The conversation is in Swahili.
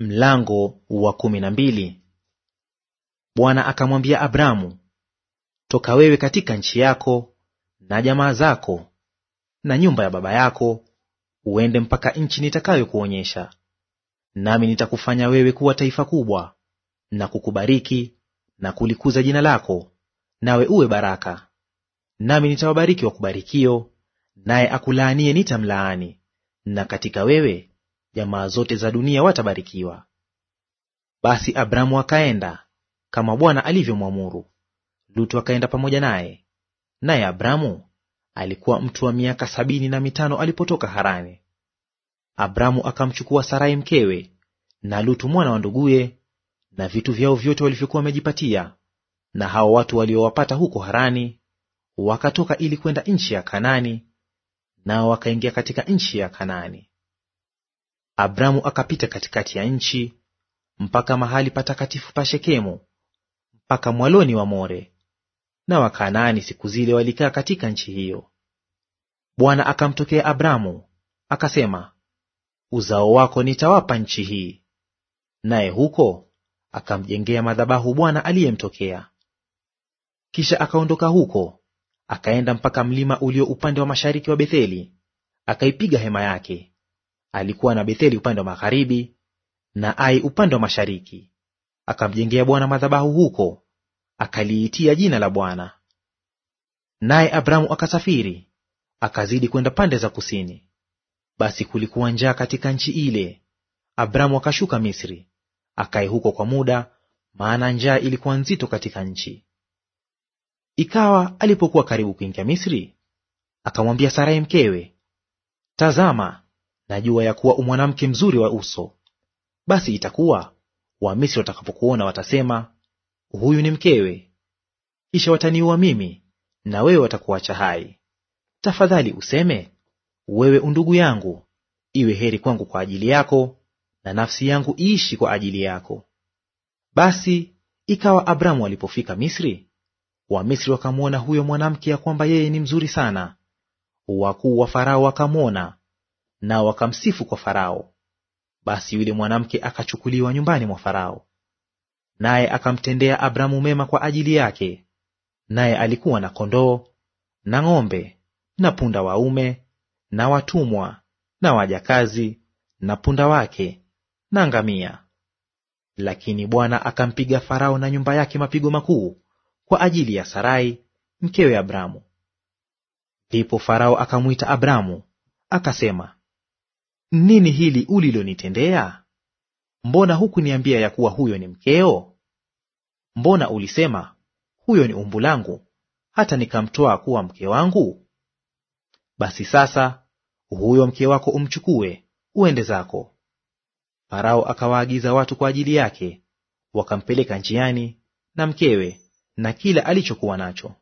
Mlango wa kumi na mbili. Bwana akamwambia Abramu, toka wewe katika nchi yako na jamaa zako na nyumba ya baba yako, uende mpaka nchi nitakayokuonyesha, nami nitakufanya wewe kuwa taifa kubwa, na kukubariki na kulikuza jina lako, nawe uwe baraka. Nami nitawabariki wakubarikio, naye akulaanie nitamlaani, na katika wewe jamaa zote za dunia watabarikiwa. Basi Abramu akaenda kama Bwana alivyomwamuru. Lutu akaenda pamoja naye. Naye Abramu alikuwa mtu wa miaka sabini na mitano alipotoka Harani. Abramu akamchukua Sarai mkewe na Lutu mwana wa nduguye na vitu vyao vyote walivyokuwa wamejipatia, na hao watu waliowapata huko Harani, wakatoka ili kwenda nchi ya kanani nao wakaingia katika nchi ya kanani Abramu akapita katikati ya nchi mpaka mahali patakatifu pa Shekemu mpaka mwaloni wa More, na Wakanaani siku zile walikaa katika nchi hiyo. Bwana akamtokea Abramu akasema, uzao wako nitawapa nchi hii. Naye huko akamjengea madhabahu Bwana aliyemtokea. Kisha akaondoka huko akaenda mpaka mlima ulio upande wa mashariki wa Betheli, akaipiga hema yake alikuwa na Betheli upande wa magharibi na Ai upande wa mashariki. Akamjengea Bwana madhabahu huko, akaliitia jina la Bwana. Naye Abramu akasafiri akazidi kwenda pande za kusini. Basi kulikuwa njaa katika nchi ile. Abramu akashuka Misri akae huko kwa muda, maana njaa ilikuwa nzito katika nchi. Ikawa alipokuwa karibu kuingia Misri, akamwambia Sarai mkewe, tazama, najua ya kuwa umwanamke mzuri wa uso. Basi itakuwa Wamisri watakapokuona watasema, huyu ni mkewe. Kisha wataniua mimi, na wewe watakuacha hai. Tafadhali useme, wewe undugu yangu, iwe heri kwangu kwa ajili yako, na nafsi yangu iishi kwa ajili yako. Basi ikawa Abramu alipofika Misri, Wamisri wakamwona huyo mwanamke ya kwamba yeye ni mzuri sana. Wakuu wa Farao wakamwona, nao wakamsifu kwa Farao. Basi yule mwanamke akachukuliwa nyumbani mwa Farao, naye akamtendea Abramu mema kwa ajili yake, naye alikuwa na kondoo na ng'ombe na punda waume na watumwa na wajakazi na punda wake na ngamia. Lakini Bwana akampiga Farao na nyumba yake mapigo makuu kwa ajili ya Sarai mkewe Abramu. Ndipo Farao akamwita Abramu akasema, nini hili ulilonitendea? Mbona hukuniambia ya kuwa huyo ni mkeo? Mbona ulisema huyo ni umbu langu, hata nikamtoa kuwa mke wangu? Basi sasa huyo mke wako umchukue, uende zako. Farao akawaagiza watu kwa ajili yake, wakampeleka njiani na mkewe na kila alichokuwa nacho.